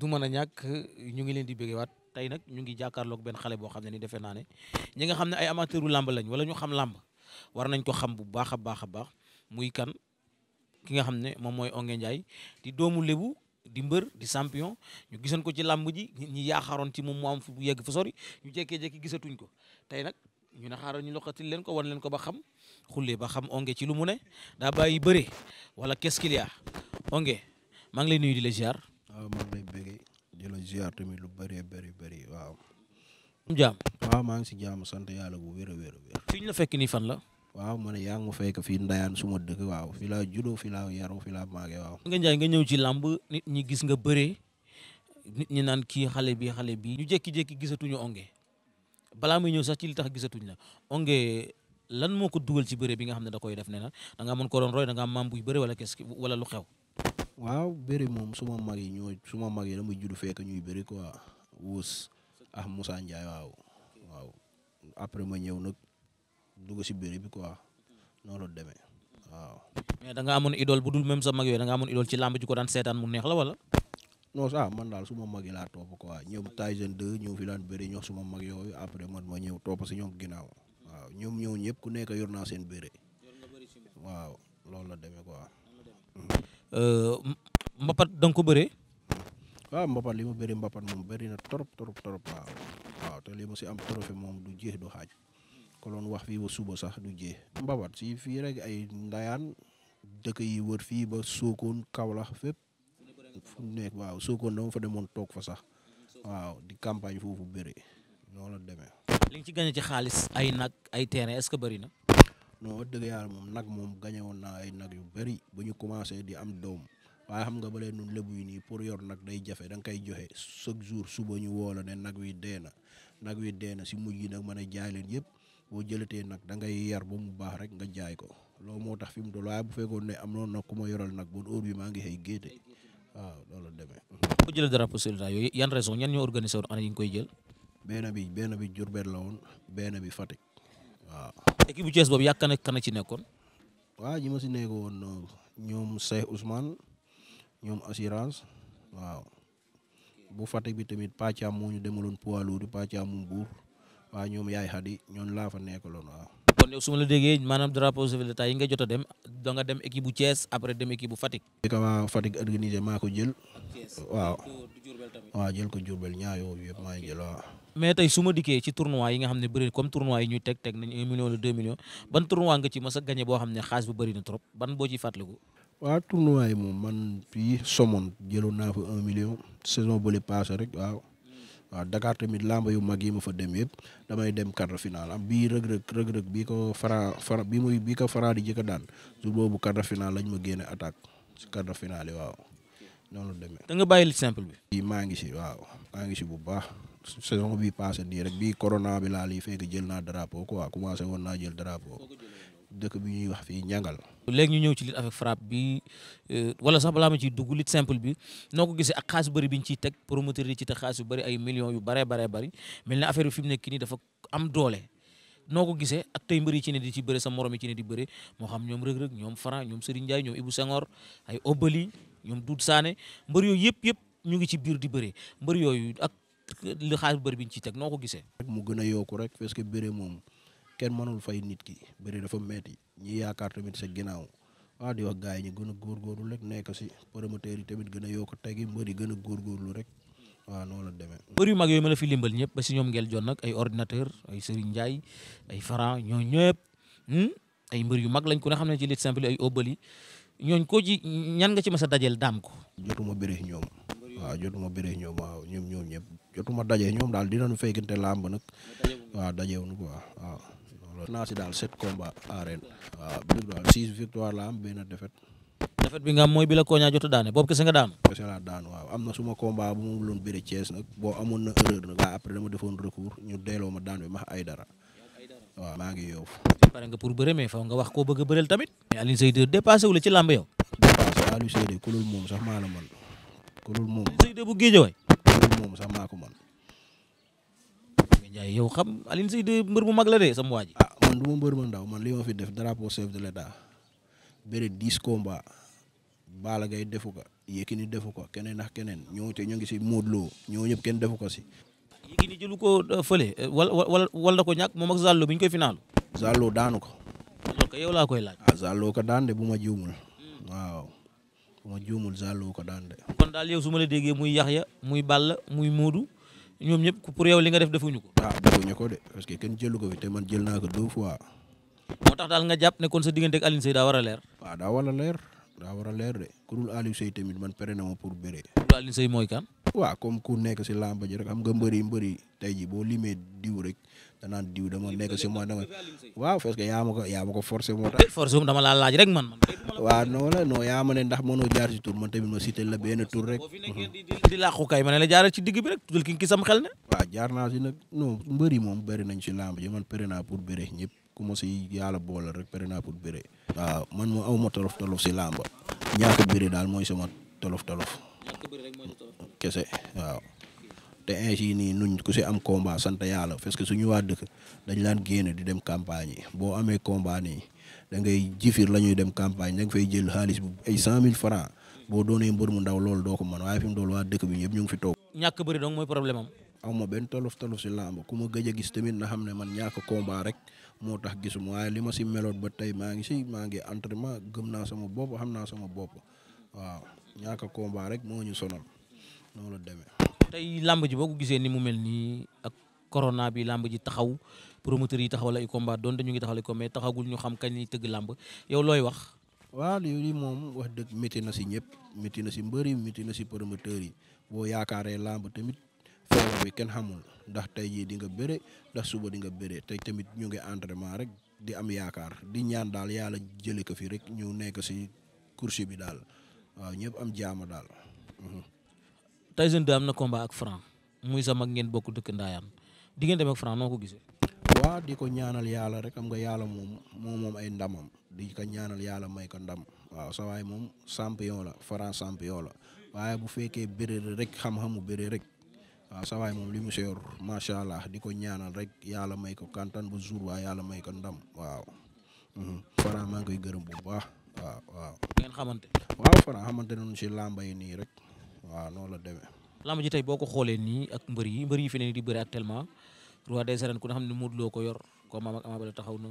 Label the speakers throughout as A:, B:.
A: du mën a ñàkk ñu ngi leen di bëggewaat tey nag ñu ngi jàkkaarloog benn xale boo xam ne ni defe naa ne ñi nga xam ne ay amateuru làmb lañ wala ñu xam làmb war nañ ko xam bu baax a baax a baax muy kan ki nga xam ne moom mooy Ongué di doomu Lebu di mbër di champion ñu gisoon ko ci làmb ji ñi yaakaaroon ci moom mu am fu yegg fu sori ñu jekkee gisatuñ ko tey nag ñu ne xaaral ñu loxatil leen ko wan leen ko ba xam xullee ba xam Ongué ci lu mu ne daa bàyyi bëre wala qu'est-ce qu'il maa ngi lay nuyu di la ziar
B: waaw maa ngi lay lu bëree bëri bëri waaw.
A: jaam waaw maa ngi si jaamu sant
B: yàlla bu wér a
A: fi ñu la fekk nii fan la.
B: waaw man yaa mu fekk fii ndayaan suma dëkk waaw fi laa juddoo fi laa yaroo waaw.
A: nga Ndiaye nga ñëw ci làmb ñi gis nga bëree nit ñi naan kii xale bi xale bi ñu jékki-jékki gisatuñu onge balaa muy ñëw sax ci li tax gisatuñ la onge lan moo ko dugal ci bëre bi nga xam ne da koy def ne na da ngaa mën ko doon roy da ngaa maam buy bëre wala kes wala lu xew.
B: waaw bëri moom suma mag yi ñoo suma mag yi ma judd fekk ñuy bëri quoi wuus ah Moussa Ndiaye waaw waaw après ma ñëw nag dugg si bëri bi quoi noonu la demee waaw.
A: mais da nga amoon idole bu dul même sa mag yooyu da nga amoon idole ci làmb ji ko daan seetaan mu neex la wala.
B: non ça man daal suma mag yi laa topp quoi ñoom Tyson 2 ñoo fi daan bëri ñoo suma mag yooyu après man ma ñëw topp si ñoom ginnaaw waaw ñoom ñëw ñëpp ku nekk yor naa seen bëri waaw loolu la demee quoi.
A: Euh, mbapat da ko bëree.
B: waaw Mbapat li ma bëree Mbapat moom bëri na trop trop trop waaw waaw te li ma si am trophée moom du jeex du xaaj ko loon wax fii ba suba sax du jeex. Mbapat si fii rek ay ndayaan dëkk yi wër fii ba Sokone Kaolack fépp fu nekk waaw Sokone dama fa demoon toog fa sax waaw di campagne foofu bëree noonu la demee.
A: li ci gagné ci xaalis ay nag ay terrain est-ce na. non dëgg yàlla moom nag moom gañe woon naa
B: ay nag yu bëri ba ñu commencé di am doom waaye xam nga ba leen nun lébu yi nii pour yor nag day jafe da koy joxe chaque jour suba ñu woo la ne nag wi dee na nag wi dee na si mujj yi nag mën a jaay leen yëpp boo jëlatee nag dangay ngay yar ba mu baax rek nga jaay ko loolu moo tax fi mu toll waaye bu fekkoon ne am noonu nag ku ma yoral nag bon heure bi maa ngi xëy géete waaw
A: loolu demee. boo jëlee drapeau soldat yooyu yan raison ñan ñoo organisé woon année yi nga koy jël.
B: benn bi benn bi Diourbel la woon benn bi Fatick
A: waaw. équipe bu Thiès boobu yaa kan ak kan ci nekkoon.
B: waaw ñi ma si nekkoon euh, ñoom Cheikh Ousmane ñoom assurance waaw bu Fatick bi tamit Pacha moo ñu demaloon poids lourd Pacha mu buur waaw ñoom Yaay Xadi ñoon laa fa nekkaloon
A: waaw. kon yow su ma la maanaam drapeau yi nga jot a dem da dem équipe bu Thiès après dem équipe bu Fatick.
B: bu Fatick organisé maa ko jël. waaw waaw jël ko Diourbel ñaar yooyu jël waaw.
A: mais tey suma dikkee ci tournoi yi nga xam ne bëri comme tournoi yi ñuy teg teg nañ un million ou deux millions ban tournoi nga ci mës a gagné boo xam ne xaalis bu bëri na trop ban boo ciy fàttaliku. waaw
B: tournoi yi moom man fii Somone jëloon naa fa un million saison bële passé rek waaw. waaw tamit lamba yu mag yi ma fa dem yëpp damay dem quart de finale am bii rëg-rëg rëg bii ko fara fara bi muy bii fara di jëkk daan su boobu quart de finale lañ ma génne attaque si quart de finale yi waaw noonu demee. da nga bàyyi simple bi. maa ngi si waaw maa ngi si bu baax. saison bi passé nii rek bii corona bi laa lii fekk jël naa drapeau quoi commencé woon naa jël drapeau dëkk bi ñuy wax fii ñangal
A: léegi ñu ñëw ci lutte avec frappe bi euh, wala sax balaa ma ciy dugg lutte simple bi noo ko gisee ak xaalis bari bi ñu ciy teg promoteur yi ci teg xaalis bu bëri ay millions yu bëree baree bëri mel na affaire bi fi mu nekk nii dafa am noo ko gisee ak tey mbëri ci ne di ci bëre sa morom yi ci ne di bëre moo xam ñoom Reug Reug ñoom Franc ñoom Serigne Ndiaye ñoom Ibou Senghor ay Obali ñoom Doudou Sané mbër yooyu yëpp yëpp ñu ngi ci biir di bëre mbër yooyu li xaar bëri bi ñu ci teg noo ko gisee. mu gën a yokku rek parce que bëre moom kenn
B: mënul fay nit ki bëre dafa metti ñi yaakaar tamit sa ginnaaw waa di wax gars yi ñu gën a góorgóorlu rek nekk si promoteur yi tamit gën a yokku tegi mbër yi gën a góorgóorlu rek waaw noonu
A: la demee. mbër yu mag yooyu ma la fi limbal ñëpp ba si ñoom ngel joon ay ordinateur ay Serigne Ndiaye ay Faran ñoo ñëpp hmm? mbër yu mag lañ ko ne xam ne ci lit simple ay óbbal yi ñooñ ko ji ñan nga ci mas a dajeel daam ko
B: jotuma bëre ñoom waaw jotuma bëree ñoom waaw ñoom ñoom ñëpp jotuma daje ñoom daal dinañu fekkente làmb nag waaw dajewuñu quoi waaw loolu naa si waaw bi daal victoire la am benn défaite
A: défaite bi nga am mooy bi a Konia jot a daane boobu kese nga daanu kese
B: laa daanu waaw am na suma combat bu mu loon bëri Thiès nag boo amoon na erreur nag waaw après dama defoon recours ñu deeloo ma daan bi max ay dara waaw maa ngi
A: yow pare nga pour bëre mais faw nga wax koo bëgg a bëreel tamit mais Alioune Seye dépassé la ci làmb yow dépassé Alioune ko loolu moom. Alioune Seye de bu Géejawaay. loolu moom sax maa ko man Ndiaye yow xam Alioune Seye de mbër mu mag la de sama waa ji. ah
B: man du ma mbër ma ndaw man li ma fi def drapeau chef de le bëre dix combats Balla Gaye defu ko Yékini defu keneen nax keneen ñoo te ñoo ngi si Modou Lo ñoo ñëpp kenn defu
A: ko si. Yékini jëlu ko euh, fële wala euh, wala wala ko ñàkk moom ak Zallo bi ñu koy finaalu. Zallo daanu ko.
B: loolu yow laa koy laaj. ah Zallo ko daan de bu ma jiwmul hmm. waaw.
A: ma juumul Zallo ko daan de. kon daal yow su ma la déggee muy Yaxya muy Balla muy Moodu ñoom ñëpp pour yow li nga def defuñu ko. ah defuñu ko de parce que kenn jëlu ko fi te man jël naa ko deux fois. moo tax daal nga jàpp ne kon sa diggante ak Alioune daa war a leer. waaw ah, daa war a leer daa war a leer
B: de ku dul Alioune Seye tamit na ma pour béré. waaw comme ku nekk si làmb ji rek am nga mbëri mbëri tey ji boo limee diw rek danaan diw dama nekk si ma dama
A: waaw parce que yaa ma ko yaa ko forcé moo tax forcé um dama laa laaj rek man waaw
B: non la non yaa ma ne ndax mënoo jaar si tur man tamit ma cité la benn tur rek mhm.
A: di làqu kay ma ne la jaaral digg bi rek tuddal
B: ki xel ne waaw jaar naa si nag non mbëri moom bëri nañ si làmb ji man pare naa pour bëre ñëpp ku ma si yàlla boolal rek pare naa pour bëre waaw man moom aw ma tolof tolof si làmba ñaaka bëre daal mooy sama tolof tolof kese waaw te ainsi nii nuñ ku si am combat sant yàlla parce que suñu waa dëkk dañ laan génn di dem campagne boo amee combat nii da ngay jifir la ñuy dem campagne da nga fay jël xaalis bu ay cent mille boo doonee mbër mu ndaw lool doo ko mën waaye fi mu dool waa dëkk bi ñëpp ñu ngi fi toog.
A: ñàkk bëri donc mooy problème
B: am. aw ma benn tolof tolof si làmb ku ma gëj a gis tamit na xam ne man ñàkk combat rek moo tax gisuma waaye li ma si meloon ba tey maa ngi si maa ngi entraînement gëm naa sama bopp xam naa sama bopp waaw ñàkk combat rek moo ñu sonal. noonu la demee.
A: tey làmb ji boo ko gisee ni mu mel nii ak corona bi làmb ji taxaw promoteur yi taxaw ay combat doon dañu ngi taxawal ay combat taxagul ñu xam kañ ñuy tëgg làmb yow looy wax.
B: waaw lii moom wax dëgg métti na si ñëpp métti na si mbër yi métti na si promoteur yi boo yaakaaree làmb tamit feebar bi kenn xamul ndax tey jii di nga bëre ndax suba di nga bëre tey tamit ñu ngi entraînement rek di am yaakaar di ñaan daal yàlla jëlee ko fi rek ñu nekk si course bi daal waaw ñëpp am jaama daal. Mhm.
A: Tyson 2 am na combat ak Franc muy sa mag ngeen bokk dëkk ndaayaan diggante ak Franc noo ko gisee.
B: waa di ko ñaanal yàlla rek xam nga yàlla moom moom moom ay ndamam di ko ñaanal yàlla may ko ndam waaw sa waay moom la Franc champion la waaye bu fekkee bëre rek xam-xamu bëre rek waaw sa waay moom li mu seyor macha allah di ko ñaanal rek yàlla may ko kantan bu jour waa yàlla may ko ndam waaw. Mhm. Franc maa ngi koy gërëm bu baax
A: waaw waaw. ngeen xamante.
B: waaw Franc xamante nañu si làmba yi nii rek. waaw noonu la demee.
A: lamb ji tey boo ko xoolee nii ak mbër yi mbër yi fi ne di bëri actuellement roi des arènes ku ne xam ne Modou ko yor ko maam ak Ama Baldé taxaw na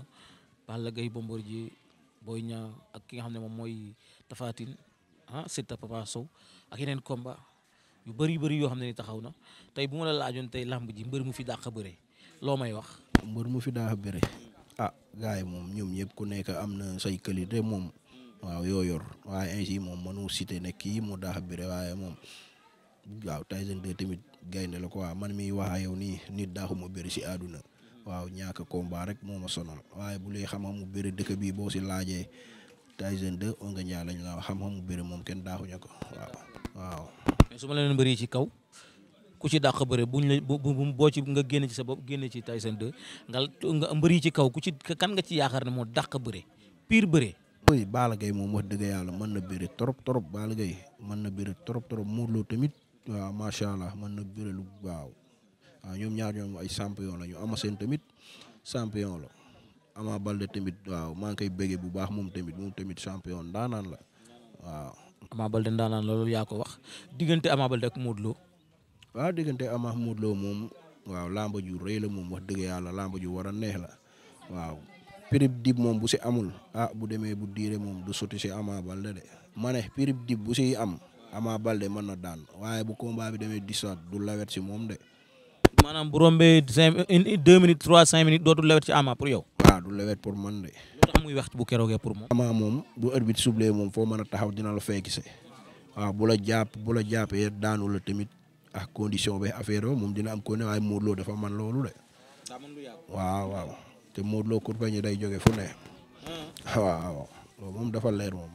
A: Balla Gaye Bombardier Boy Niang ak ki nga xam ne moom mooy Tapha Tine ah Siteu Papa Sow ak yeneen combat yu bëri bari yoo xam ne ni taxaw na tey bu ma la laajoon tey lamb ji mbëri mu fi dàq bëre loo may wax.
B: mbër mu fi dàq bëre ah gars yi moom ñoom ñëpp ku nekk am na say qualité moom waaw yoo yor waaye si moom mënu cité na kii moo daax bëre waaye moom waaw Tyson 2 tamit gaynde la ko quoi man mi wax ak yow nii nit daaxuma bëri si àdduna waaw ñaaka komba rek moo ma sonal waaye bu lay xam-xamu bëri dëkk bi boo si laajee Tyson 2 Onga Ndiaye lañ la xam-xamu bëri moom kenn daaxuña ko waaw waaw
A: mais su ma leen bëri ci kaw ku ci dàq bëre bu la bu boo ci nga génn ci sa bopp génn ci Tyson 2 nga nga mbëri ci kaw ku ci kan nga ci yaakaar ne moo dàq bëre pire bëre
B: yi Balla Gaye moom wax dëgg yàlla mën na bëre trop trop Balla Gaye man na bëre trop trop Modou Lo tamit waaw macha allah man na bëre lu waaw waaw ñoom ñaar ñoom ay champion la ñu ama seen tamit champion la Ama Balde tamit waaw maa ngi koy bu baax moom tamit moom tamit champion ndaanaan la waaw.
A: Ama Balde ndaanaan la loolu yaa ko wax diggante Ama Balde ak Modou Lo.
B: waaw diggante Ama Modou Lo moom waaw lamba ju rëy la moom wax dëgg yàlla lamba ju war a neex la waaw pirip dib moom bu si amul ah bu demee bu diire moom du sotti si Ama Balde de ma ne pirip dib bu si am Ama Balde man na daan waaye bu combat bi demee distance du lawet si moom de.
A: maanaam bu rombee cinq deux minutes trois cinq minutes dootul lawet ci Ama pour yow. waaw ah, du
B: lawet pour man de. man tax muy wax bu keroogee pour moom. Ama moom bu arbitre sublee moom foo mën a taxaw dina la fay gisee waaw bu la jàpp bu la jàppee daanu la tamit ak ah, condition bi affaire moom dina am ko ne waaye dafa man loolu de. te Modou Lo kurpeñ yi day jóge fu ne waaw loolu moom dafa leer moom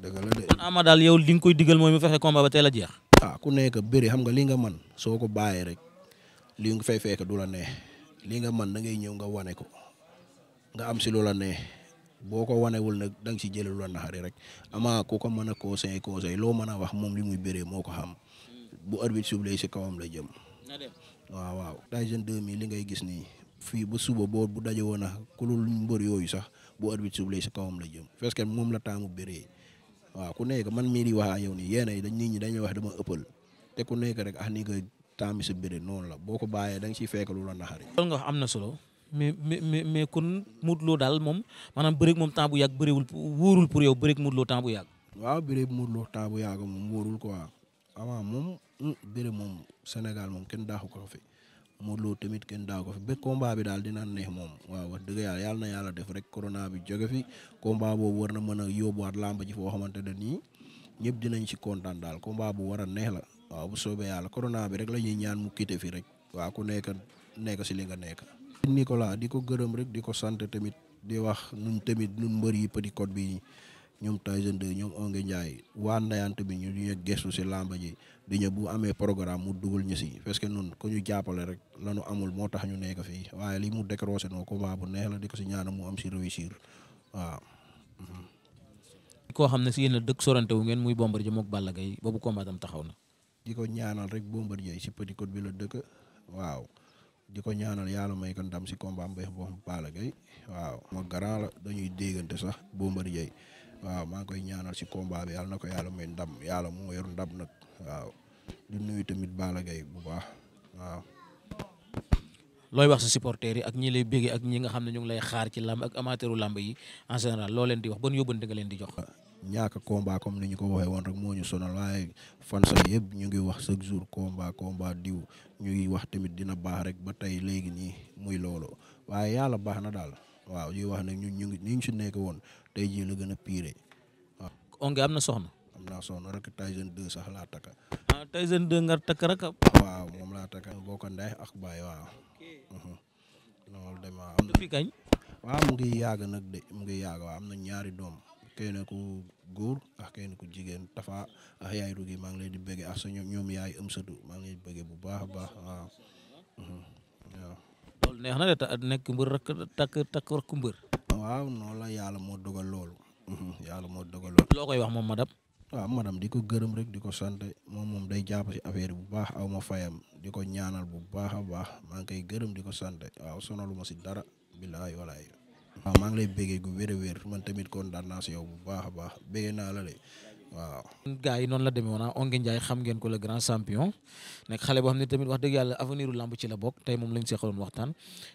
B: dëgg la de.
A: Ama daal yow li nga koy digal mooy mu fexe combat ba teel a jeex. ah ku nekk bëri xam nga li nga man soo ko bàyyee
B: rek li nga fay fekk du la neex li nga man da ngay ñëw nga wane ko nga am si lu la ne boo ko wanewul nag da nga si jëlee lu a naxari rek amaa ku ko mën a conseil conseil loo mën a wax moom li muy bëree moo ko xam bu arbitre suble si kawam la jëm. waaw waaw. Tyson 2000 li ngay gis nii. fii ba suba boo bu daje woon a ku lul mbër yooyu sax boo bu arbitre suble si kawam la jëm parce moom la taamu bëree waaw ku nekk man mii di wax ak yow nii yi dañ nit ñi dañuy wax dama ëppal te ku nekk rek ah ni nga bi sa bëree noonu la boo ko bàyyee da nga ciy fekk lu la naxari.
A: loolu nga wax am na solo mais mais mais kon Modou Lo daal moom maanaam bëreeg moom temps bu yàgg bëreewul wóorul pour yow bëreeg Modou Lo temps bu yàgg.
B: waaw bëreeg Modou Lo temps yàgg moom wóorul quoi avant moom mm, bëre moom Sénégal moom kenn daaxu ko fi. moo Lo tamit kenn daa ko fi ba combat bi daal dina neex moom waaw wax dëgg yàlla yàlla na yàlla def rek corona bi jóge fi combat boobu war na mën a yóbbuwaat làmb ji foo xamante ne nii ñëpp dinañ ci kontaan daal combat bu war a neex la waaw bu soobee yàlla corona bi rek la ñuy ñaan mu quitté fi rek waa ku nekk nekk si li nga nekk. Nicolas di ko gërëm rek di ko sant tamit di wax nun tamit nun mbër yi Petit Côte bi ñoom Tyson 2 ñoom Ongué Ndiaye waa ndayante bi ñu ñu gestu si làmba ji di ñëw bu amee programme mu dugal ñu si parce que noonu ko ñu jàppale rek lanu ñu amul moo tax ñu nekk fii waaye lii mu décroché noo combat bu neex la di ko si ñaanal mu am si réussir waaw.
A: koo xam ne si yéen a dëkk sorante wu ngeen muy Bombardier mook Balla boobu combat taxaw na.
B: di ko ñaanal rek Bombardier si Petite Côte bi la dëkk waaw. di ko ñaanal yàlla may ko ndam si combat mbay boo xam Balla waaw. ma grand la dañuy déggante sax Bombardier waaw maa ngi koy ñaanal si komba bi yàlla na ko yàlla may ndam yàlla moo yor ndam nag waaw di nuyu tamit Balla Gaye bu baax waaw.
A: looy wax sa supporters yi ak ñi lay béggee ak ñi nga xam ne ñu ngi lay xaar ci làmb ak amateuru làmb yi en loo leen di wax ban yóbbante nga leen di jox.
B: ñaaka combat comme ñu ko waxee woon rek moo ñu sonal waaye fansa yëpp ñu ngi wax chaque jour combat combat diw ñuy wax tamit dina baax rek ba tey léegi nii muy loolu waaye yàlla baax na daal waaw ñuy wax nag ñun ñu ngi ñu si nekk woon tey jii la gën a pire waaw.
A: Ongué am na soxna. am naa soxna rek
B: Tyson 2 sax laa takka.
A: ah Tyson 2 nga takk rek. waaw moom laa
B: takka. boo ko ak baay waaw. Mhm. loolu dem waaw. am kañ. waaw mu ngi yàgg nag de mu ngi yàgg waaw am na ñaari doom. kenn ku góor ak kenn ku jigéen Tafa ak yaay maa ngi leen di bëggee ak sa ñoom yaay Amsatu maa ngi di bëggee bu baax a baax waaw. Mhm, waaw.
A: rek takk takk rek waaw
B: noonu la yàlla moo dogal loolu. Mhm, yàlla moo dogal
A: loo koy wax moom madame.
B: waaw madame di ko gërëm rek di ko sant moom moom day jàpp si affaire bu baax aw ma fayam di ko ñaanal bu baax a baax maa ngi koy gërëm di ko sant waaw sonalu ma si dara billaay walaay. waaw maa ngi lay béggee gu wér a wér man tamit kontaan naa si yow bu baax a baax béggee naa la de
A: waaw. gars yi noonu la demee woon ah Ongué xam ngeen ko la grand champion nekk xale boo xam ne tamit wax dëgg yàlla avenir u ci la bokk tey moom lañ seqaloon waxtaan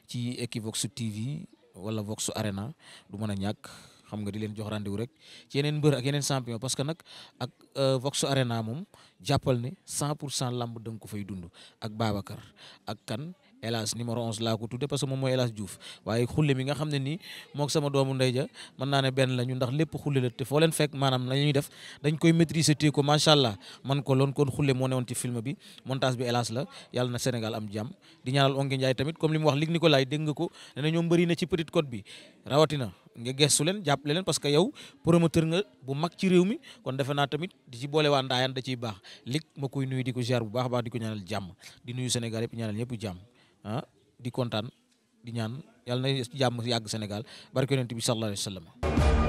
A: ci Equivox TV. wala Vox Arena du mën a ñàkk xam nga di leen jox rendez rek ci yeneen mbër ak yeneen champion parce que nag ak euh, Vox Arena moom jàppal ne cent pour cent lamb da nga ko fay dund ak Babacar ak kan Elas numéro 11 laa ko tudde parce que moom mooy Elas Diouf waaye xulle mi nga xam ne nii mook sama doomu ndey ja mën naa ne benn la ñu ndax lépp xulle la te foo leen fekk maanaam la ñuy def dañ koy maîtriser téye ko macha allah man ko loon kon xulle moo newoon ci film bi montage bi Elas la yàlla Sénégal am jàmm di ñaanal Ongué Ndiaye tamit comme li wax lig Nicolas dégg ko ne na ñoom ci Petite Côte bi rawatina nga gestu leen jàppale leen parce que naa tamit di ci boole waa ndaayaan da ciy baax lig ma koy nuyu di ko ah di kontaan di ñaan yàlla na jàmm yàgg Sénégal barke yonent bi sallallahu alayhi wa sallam